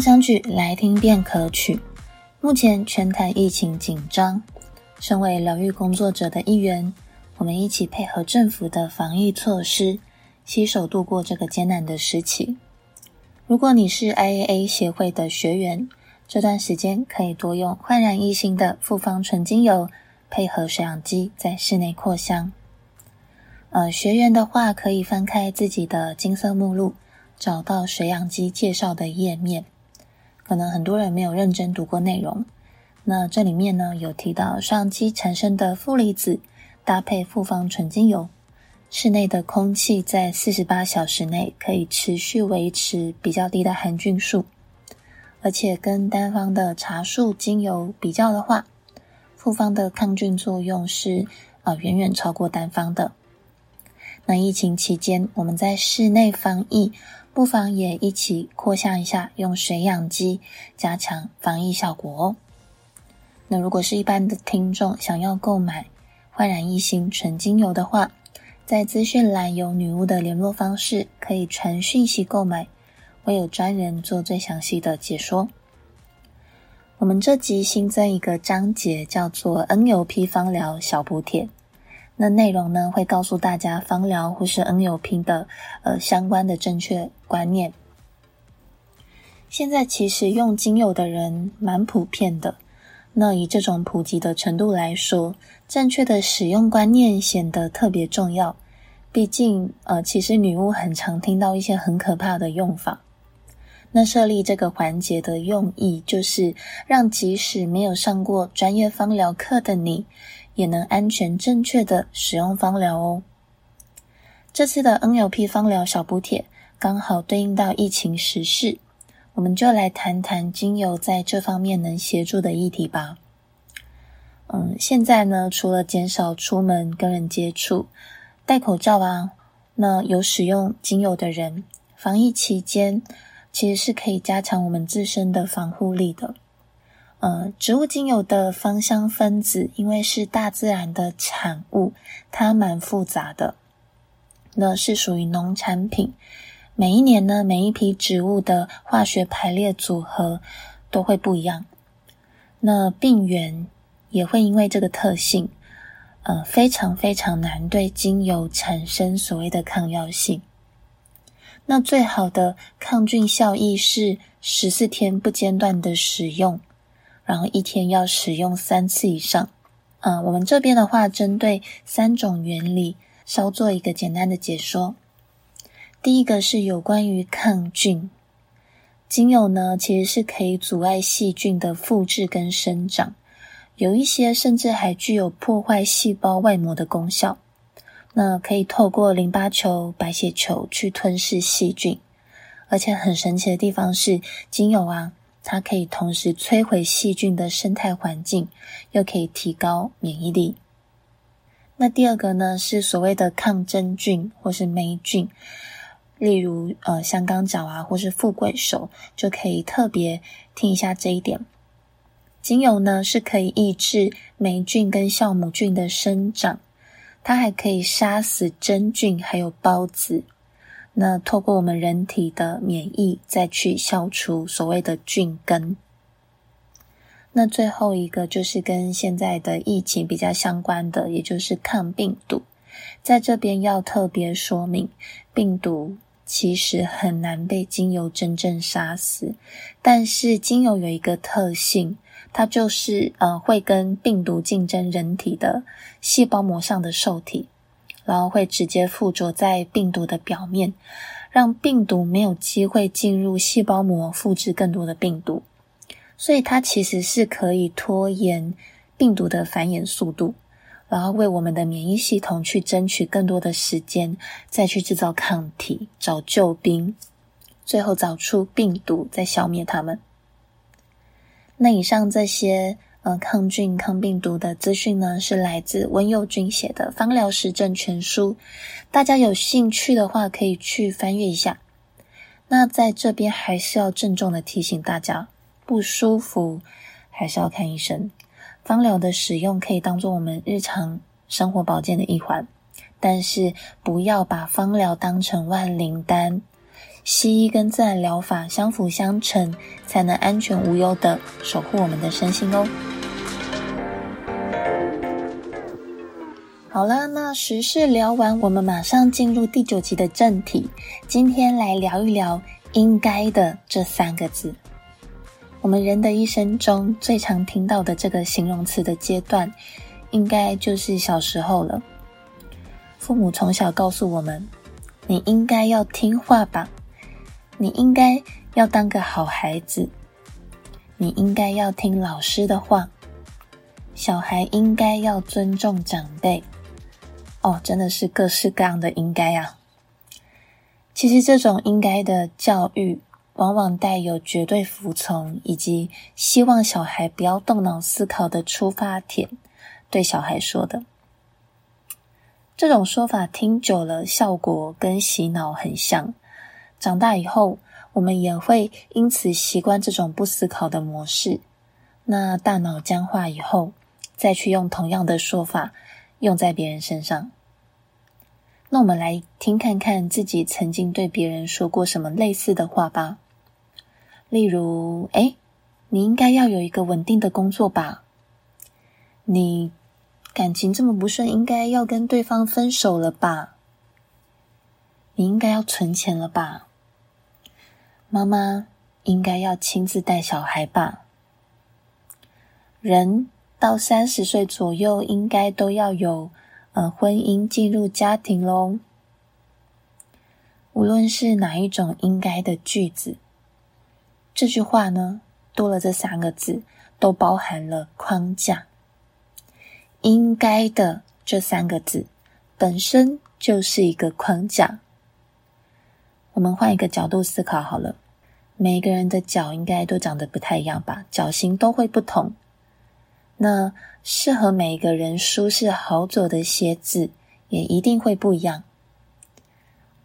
想曲，來聽便可取。目前全台疫情緊張，身為療癒工作者的一員，我們一起配合政府的防疫措施，攜手度過這個艱難的時期。如果你是 IAA 協會的學員，這段時間可以多用煥然一新的複方純精油，配合水氧機在室內擴香。呃，學員的話可以翻開自己的金色目錄，找到水氧機介紹的頁面。可能很多人沒有認真讀過內容，那這裡面呢有提到，上期產生的負離子搭配複方純精油，室內的空氣在四十八小時內可以持續維持比較低的含菌數，而且跟單方的茶樹精油比較的話，複方的抗菌作用是啊、呃、遠遠超過單方的。那疫情期間我們在室內防疫。不妨也一起擴香一下，用水氧機加強防疫效果哦。那如果是一般的聽眾想要購買煥然一新純精油的話，在資訊欄有女巫的聯絡方式，可以傳訊息購買，會有專人做最詳細的解說。我們這集新增一個章節，叫做 “NLP 芳療小補帖”。那內容呢，會告訴大家芳療或是恩友瓶的呃相關的正確觀念。現在其實用精油的人蠻普遍的，那以這種普及的程度來說，正確的使用觀念顯得特別重要。畢竟呃，其實女巫很常聽到一些很可怕的用法。那設立這個環節的用意，就是讓即使沒有上過專業芳療課的你。也能安全正確的使用芳療哦。這次的 NLP 芳療小補帖剛好對應到疫情時事，我們就來談談精油在這方面能協助的議題吧。嗯，現在呢，除了減少出門跟人接觸、戴口罩啊，那有使用精油的人，防疫期間其實是可以加強我們自身的防護力的。呃，植物精油的芳香分子，因為是大自然的產物，它蠻複雜的。那，是屬於農產品。每一年呢，每一批植物的化學排列組合都會不一樣。那病原也會因為這個特性，呃，非常非常難對精油產生所謂的抗藥性。那最好的抗菌效益是十四天不間斷的使用。然後一天要使用三次以上。啊，我們這邊的話，針對三種原理，稍做一個簡單的解說。第一個是有關於抗菌精油呢，其實是可以阻礙細菌的複製跟生長，有一些甚至還具有破壞細胞外膜的功效。那可以透過淋巴球、白血球去吞噬細菌，而且很神奇的地方是，精油啊。它可以同時摧毀細菌的生態環境，又可以提高免疫力。那第二個呢，是所謂的抗真菌或是霉菌，例如呃香港腳啊，或是富貴手，就可以特別聽一下這一點。精油呢是可以抑制霉菌跟酵母菌的生長，它還可以殺死真菌還有孢子。那透過我們人體的免疫再去消除所謂的菌根。那最後一個就是跟現在的疫情比較相關的，也就是抗病毒。在這邊要特別說明，病毒其實很難被精油真正殺死，但是精油有一個特性，它就是呃會跟病毒競爭人體的細胞膜上的受體。然後會直接附着在病毒的表面，讓病毒沒有機會進入細胞膜複製更多的病毒，所以它其實是可以拖延病毒的繁衍速度，然後為我們的免疫系統去爭取更多的時間，再去製造抗體找救兵，最後找出病毒再消滅它們。那以上這些。抗菌、抗病毒的資訊呢，是來自溫佑君寫的《芳療實證全書》，大家有興趣的話可以去翻閱一下。那在這邊還是要鄭重地提醒大家，不舒服還是要看醫生。芳療的使用可以當做我們日常生活保健的一環，但是不要把芳療當成萬靈丹。西醫跟自然療法相輔相成，才能安全無憂地守護我們的身心哦。好了，那時事聊完，我們馬上進入第九集的正題。今天來聊一聊“應該”的這三個字。我們人的一生中最常聽到的這個形容詞的階段，應該就是小時候了。父母從小告訴我們：“你應該要聽話吧，你應該要當個好孩子，你應該要聽老師的話，小孩應該要尊重長輩。”哦，真的是各式各樣的應該啊！其實這種應該的教育，往往帶有絕對服從以及希望小孩不要動腦思考的出發點，對小孩說的。這種說法聽久了，效果跟洗腦很像。長大以後，我們也會因此習慣這種不思考的模式。那大腦僵化以後，再去用同樣的說法，用在別人身上，那我們來聽看看自己曾經對別人說過什麼類似的話吧。例如，誒，你應該要有一個穩定的工作吧？你感情這麼不順，應該要跟對方分手了吧？你應該要存錢了吧？媽媽應該要親自帶小孩吧？人，到三十歲左右，應該都要有，呃，婚姻進入家庭嘍。無論是哪一種，應該的句子，這句話呢，多了這三個字，都包含了框架。應該的這三個字本身就是一個框架。我們換一個角度思考好了，每一個人的腳應該都長得不太一樣吧，腳型都會不同。那適合每一個人舒適好走的鞋子，也一定會不一樣。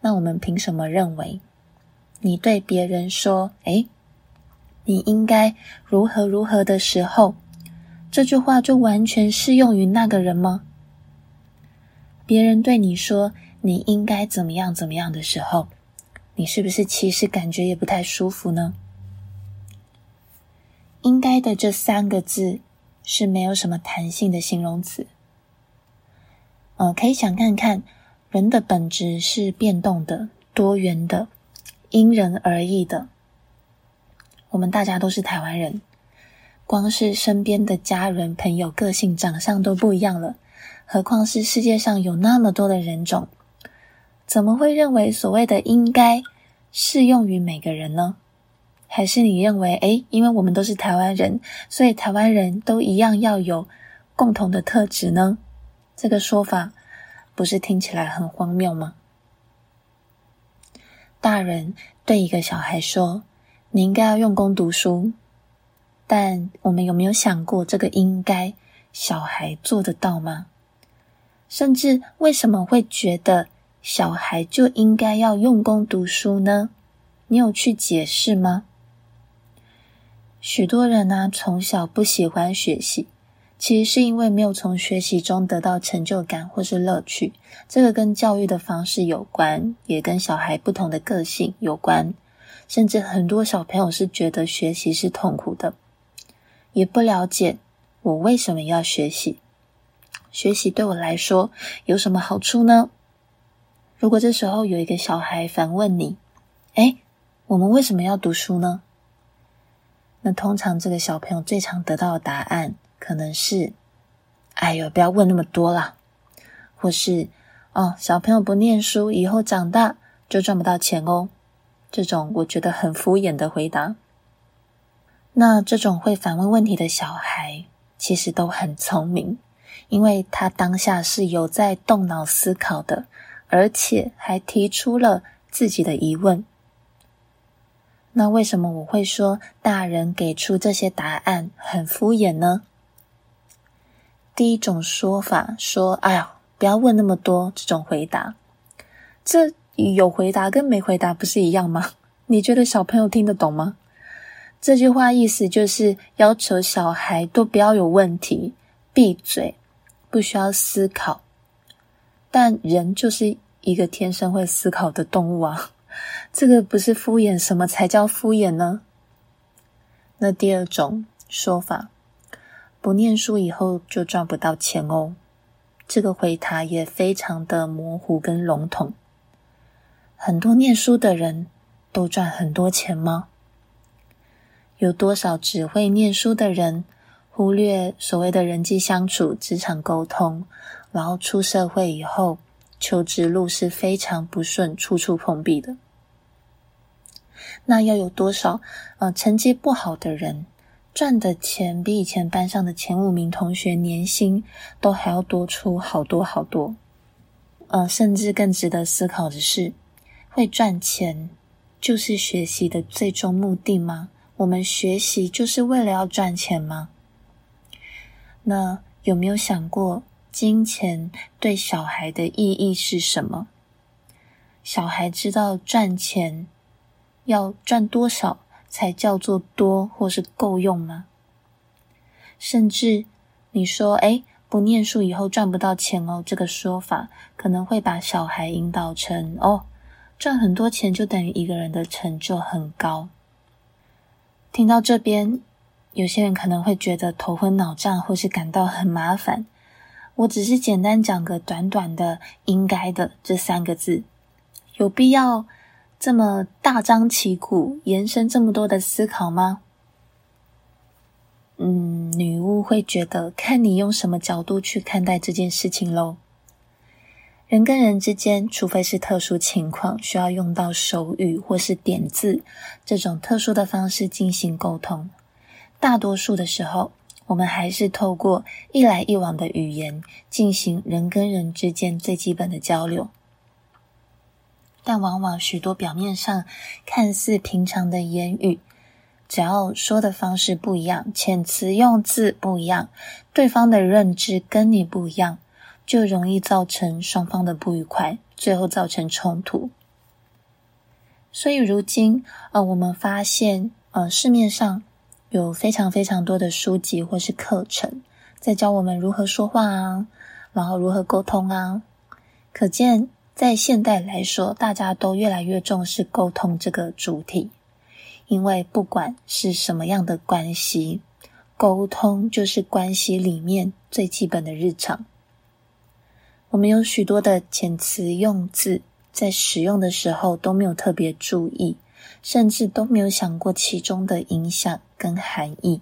那我們憑什麼認為你對別人說“哎，你應該如何如何”的時候，這句話就完全適用於那個人嗎？別人對你說“你應該怎麼樣怎麼樣”的時候，你是不是其實感覺也不太舒服呢？“應該”的這三個字是沒有什麼彈性的形容詞。呃，可以想看看，人的本質是變動的、多元的、因人而異的。我們大家都是台灣人，光是身邊的家人、朋友、個性、長相都不一樣了，何況是世界上有那麼多的人種，怎麼會認為所謂的應該適用於每個人呢？還是你認為，誒，因為我們都是台灣人，所以台灣人都一樣要有共同的特質呢？這個說法不是聽起來很荒謬嗎？大人對一個小孩說，你應該要用功讀書，但我們有沒有想過，這個應該小孩做得到嗎？甚至為什麼會覺得小孩就應該要用功讀書呢？你有去解釋嗎？許多人呢，啊，從小不喜歡學習，其實是因為沒有從學習中得到成就感或是樂趣。這個跟教育的方式有關，也跟小孩不同的個性有關。甚至很多小朋友是覺得學習是痛苦的，也不了解我為什麼要學習，學習對我來說有什麼好處呢？如果這時候有一個小孩反問你：“哎，我們為什麼要讀書呢？”那通常這個小朋友最常得到的答案可能是：“哎呦，不要問那麼多了。”或是“哦，小朋友不念書，以後長大就賺不到錢哦。”這種我覺得很敷衍的回答。那這種會反問問題的小孩，其實都很聰明，因為他當下是有在動腦思考的，而且還提出了自己的疑問。那為什麼我會說大人給出這些答案很敷衍呢？第一種說法說：“哎呀，不要問那麼多。”這種回答，這有回答跟沒回答不是一樣嗎？你覺得小朋友聽得懂嗎？這句話意思就是要求小孩都不要有問題，閉嘴，不需要思考。但人就是一個天生會思考的動物啊。這個不是敷衍，什麼才叫敷衍呢？那第二種說法，不念書以後就賺不到錢哦。這個回答也非常的模糊跟籠統。很多念書的人都賺很多錢嗎？有多少只會念書的人忽略所謂的人際相處、職場溝通，然後出社會以後求職路是非常不順、處處碰壁的？那要有多少，呃，成績不好的人賺的錢比以前班上的前五名同學年薪都還要多出好多好多，呃，甚至更值得思考的是，會賺錢就是學習的最終目的嗎？我們學習就是為了要賺錢嗎？那有沒有想過，金錢對小孩的意義是什麼？小孩知道賺錢要賺多少才叫做多，或是夠用嗎？甚至你說：“誒，不念書以後賺不到錢哦。”這個說法可能會把小孩引導成：“哦，賺很多錢就等於一個人的成就很高。”聽到這邊，有些人可能會覺得頭昏腦脹，或是感到很麻煩。我只是簡單講個短短的“應該的”這三個字，有必要，這麼大張旗鼓延伸這麼多的思考嗎？嗯，女巫會覺得看你用什麼角度去看待這件事情嘍。人跟人之間，除非是特殊情況需要用到手語或是點字這種特殊的方式進行溝通，大多數的時候，我們還是透過一來一往的語言進行人跟人之間最基本的交流。但往往許多表面上看似平常的言語，只要說的方式不一樣、遣詞用字不一樣，對方的認知跟你不一樣，就容易造成雙方的不愉快，最後造成衝突。所以如今呃，我們發現呃，市面上有非常非常多的書籍或是課程在教我們如何說話啊，然後如何溝通啊，可見。在現代來說，大家都越來越重視溝通這個主題，因為不管是什麼樣的關係，溝通就是關係裡面最基本的日常。我們有許多的遣詞用字，在使用的時候都沒有特別注意，甚至都沒有想過其中的影響跟含義。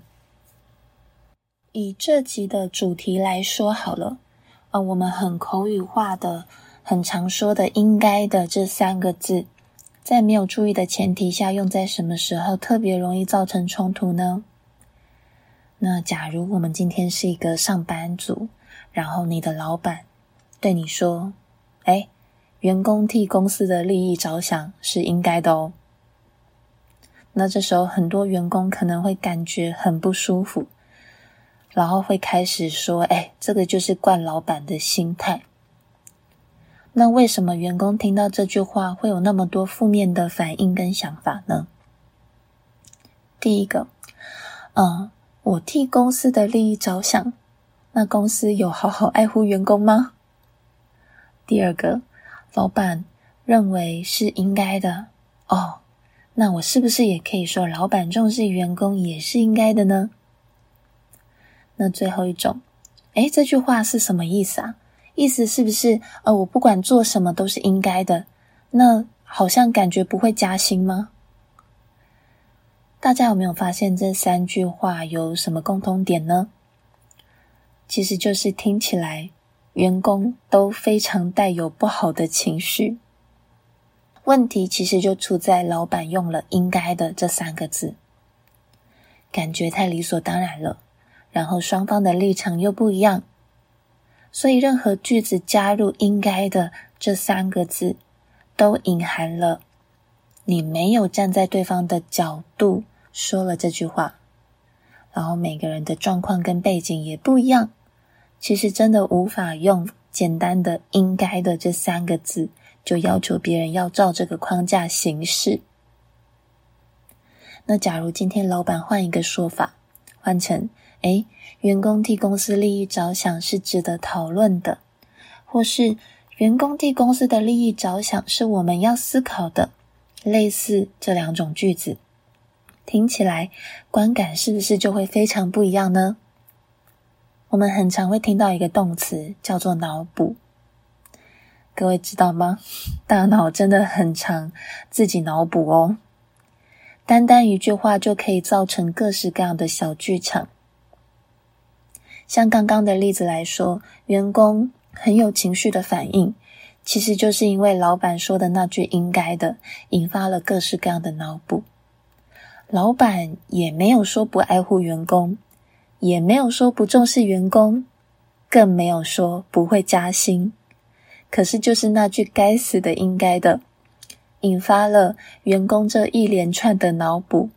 以這集的主題來說好了，啊、呃，我們很口語化的。很常說的“應該的”這三個字，在沒有注意的前提下，用在什麼時候特別容易造成衝突呢？那假如我們今天是一個上班族，然後你的老闆對你說：“哎，員工替公司的利益着想是應該的哦。”那這時候很多員工可能會感覺很不舒服，然後會開始說：“哎，這個就是慣老闆的心態。”那為什麼員工聽到這句話會有那麼多負面的反應跟想法呢？第一個，嗯，我替公司的利益着想，那公司有好好愛護員工嗎？第二個，老板認為是應該的。哦，那我是不是也可以說老板重視員工也是應該的呢？那最後一種，誒，這句話是什麼意思啊？意思是不是呃，我不管做什麼都是應該的，那好像感覺不會加薪嗎？大家有沒有發現這三句話有什麼共通點呢？其實就是聽起來員工都非常帶有不好的情緒。問題其實就出在老闆用了“應該的”這三個字，感覺太理所當然了，然後雙方的立場又不一樣。所以，任何句子加入“應該的”這三個字，都隱含了你沒有站在對方的角度說了這句話。然後，每個人的狀況跟背景也不一樣，其實真的無法用簡單的“應該的”這三個字就要求別人要照這個框架行事。那假如今天老闆換一個說法，換成……哎，員工替公司利益着想是值得討論的，或是員工替公司的利益着想是我們要思考的，類似這兩種句子，聽起來觀感是不是就會非常不一樣呢？我們很常會聽到一個動詞叫做“腦補”，各位知道嗎？大腦真的很常自己腦補哦，單單一句話就可以造成各式各樣的小劇場。像剛剛的例子來說，員工很有情緒的反應，其實就是因為老板說的那句“應該的”引發了各式各樣的腦補。老板也沒有說不愛護員工，也沒有說不重視員工，更沒有說不會加薪。可是就是那句“該死的應該的”，引發了員工這一連串的腦補，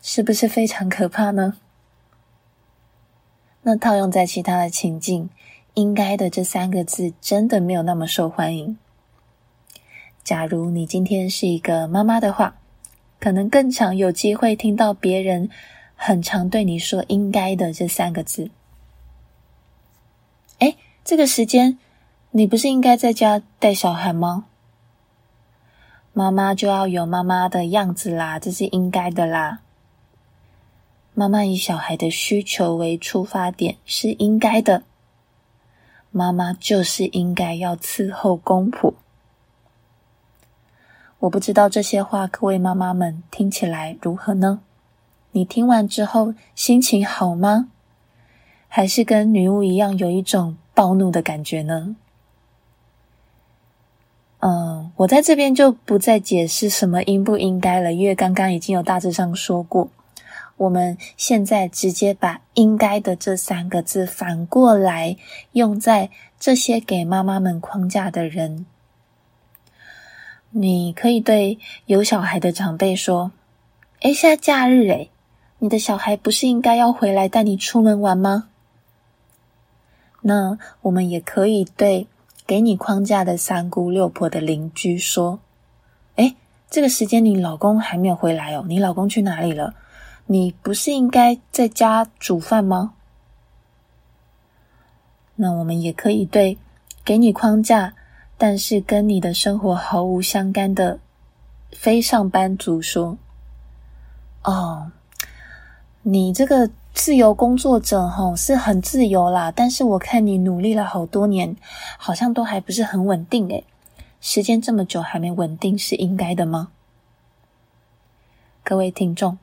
是不是非常可怕呢？那套用在其他的情境，應該的這三個字真的沒有那麼受歡迎。假如你今天是一個媽媽的話，可能更常有機會聽到別人很常對你說“應該的”這三個字。哎，這個時間，你不是應該在家帶小孩嗎？媽媽就要有媽媽的樣子啦，這是應該的啦。媽媽以小孩的需求為出發點是應該的，媽媽就是應該要伺候公婆。我不知道這些話各位媽媽們聽起來如何呢？你聽完之後心情好嗎？還是跟女巫一樣有一種暴怒的感覺呢？嗯，我在這邊就不再解釋什麼應不應該了，因為剛剛已經有大致上說過。我們現在直接把“應該的”這三個字反過來用在這些給媽媽們框架的人。你可以對有小孩的長輩說：“哎，現在假日哎，你的小孩不是應該要回來帶你出門玩嗎？”那我們也可以對給你框架的三姑六婆的鄰居說：“哎，這個時間你老公還沒有回來哦，你老公去哪裡了？”你不是應該在家煮飯嗎？那我們也可以對給你框架，但是跟你的生活毫無相干的非上班族說：“哦，你這個自由工作者吼、哦，是很自由啦，但是我看你努力了好多年，好像都還不是很穩定誒。時間這麼久還沒穩定是應該的嗎？”各位聽眾。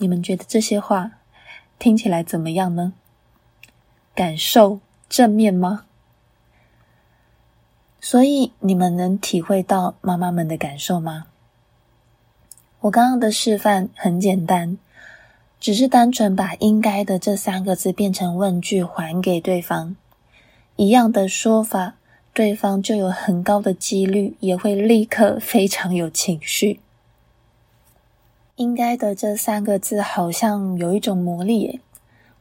你們覺得這些話聽起來怎麼樣呢？感受正面嗎？所以你們能體會到媽媽們的感受嗎？我剛剛的示範很簡單，只是單純把“應該的”這三個字變成問句，還給對方。一樣的說法，對方就有很高的幾率也會立刻非常有情緒。應該的這三個字好像有一種魔力耶，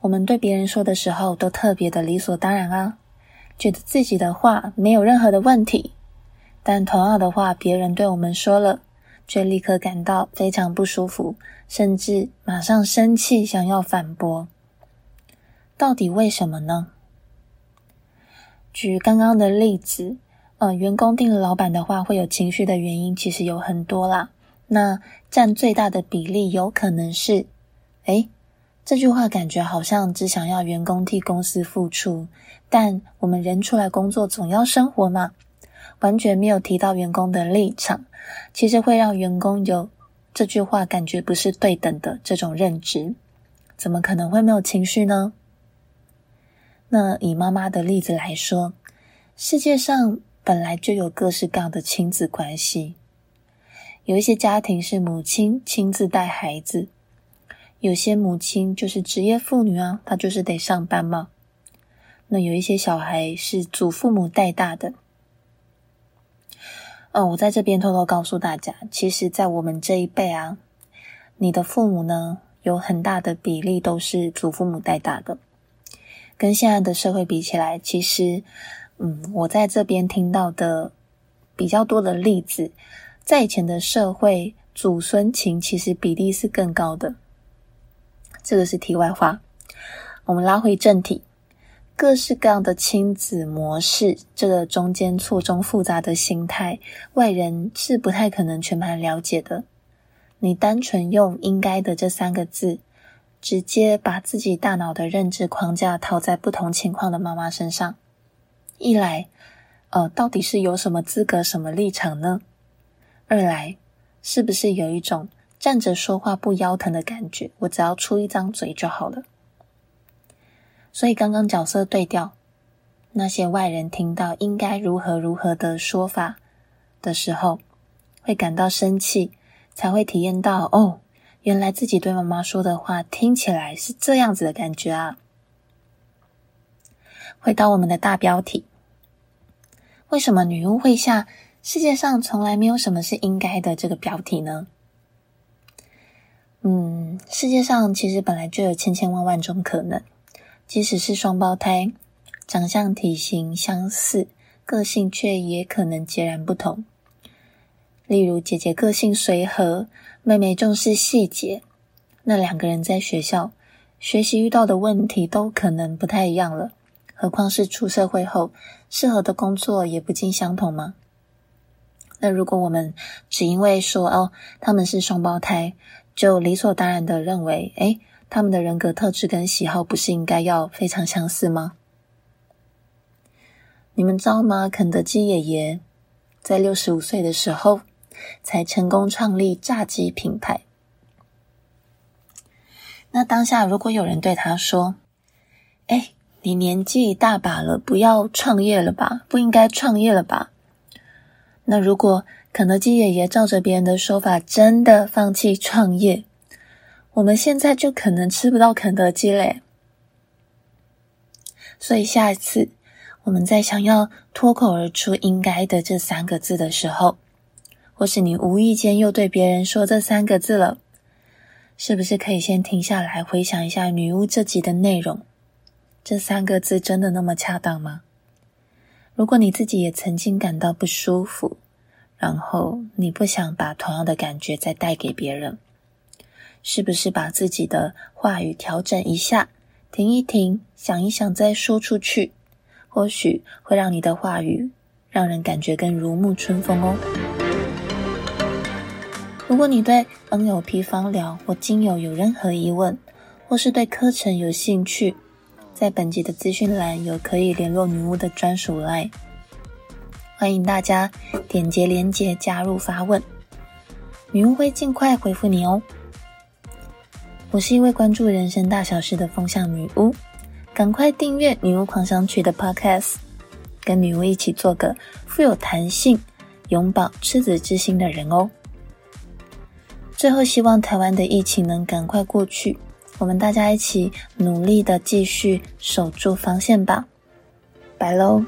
我們對別人說的時候都特別的理所當然啊，覺得自己的話沒有任何的問題，但同樣的話別人對我們說了，卻立刻感到非常不舒服，甚至馬上生氣，想要反駁。到底為什麼呢？舉剛剛的例子，呃，員工聽了老闆的話會有情緒的原因，其實有很多啦。那佔最大的比例有可能是，哎，這句話感覺好像只想要員工替公司付出，但我們人出來工作總要生活嘛，完全沒有提到員工的立場，其實會讓員工有這句話感覺不是對等的這種認知，怎麼可能會沒有情緒呢？那以媽媽的例子來說，世界上本來就有各式各樣的親子關係。有一些家庭是母親親自帶孩子，有些母親就是職業婦女啊，她就是得上班嘛。那有一些小孩是祖父母帶大的。嗯、哦，我在這邊偷偷告訴大家，其實，在我們這一輩啊，你的父母呢，有很大的比例都是祖父母帶大的。跟現在的社會比起來，其實，嗯，我在這邊聽到的比較多的例子。在以前的社會，祖孫情其實比例是更高的。這個是題外話，我們拉回正題，各式各樣的親子模式，這個中間錯綜複雜的心態，外人是不太可能全盤了解的。你單純用“應該”的這三個字，直接把自己大腦的認知框架套在不同情況的媽媽身上，一來，呃，到底是有什麼資格、什麼立場呢？二來，是不是有一種站着說話不腰疼的感覺？我只要出一張嘴就好了。所以剛剛角色對調，那些外人聽到應該如何如何的說法的時候，會感到生氣，才會體驗到哦，原來自己對媽媽說的話聽起來是這樣子的感覺啊。回到我們的大標題，為什麼女巫會下？世界上從來沒有什麼是應該的。這個標題呢，嗯，世界上其實本來就有千千萬萬種可能。即使是雙胞胎，長相、體型相似，個性卻也可能截然不同。例如，姐姐個性隨和，妹妹重視細節，那兩個人在學校學習遇到的問題都可能不太一樣了。何況是出社會後，適合的工作也不盡相同嗎？那如果我們只因為說哦，他們是雙胞胎，就理所當然的認為，哎，他們的人格特質跟喜好不是應該要非常相似嗎？你們知道嗎？肯德基爺爺在六十五歲的時候才成功創立炸雞品牌。那當下如果有人對他說：“哎，你年紀大把了，不要創業了吧？不應該創業了吧？”那如果肯德基爺爺照着別人的說法真的放棄創業，我們現在就可能吃不到肯德基嘞。所以下一次我們在想要脫口而出“應該”的這三個字的時候，或是你無意間又對別人說這三個字了，是不是可以先停下來回想一下女巫這集的內容？這三個字真的那麼恰當嗎？如果你自己也曾經感到不舒服，然後你不想把同樣的感覺再帶給別人，是不是把自己的話語調整一下，停一停，想一想再說出去，或許會讓你的話語讓人感覺更如沐春風哦。如果你對 NLP、芳療或精油有任何疑問，或是對課程有興趣。在本集的資訊欄有可以聯絡女巫的專屬 LINE，歡迎大家點擊連結加入發問，女巫會盡快回復你哦。我是一位關注人生大小事的風向女巫，趕快訂閱女巫狂想曲的 Podcast，跟女巫一起做個富有彈性、永葆赤子之心的人哦。最後，希望台灣的疫情能趕快過去。我們大家一起努力的繼續守住防線吧。拜嘍。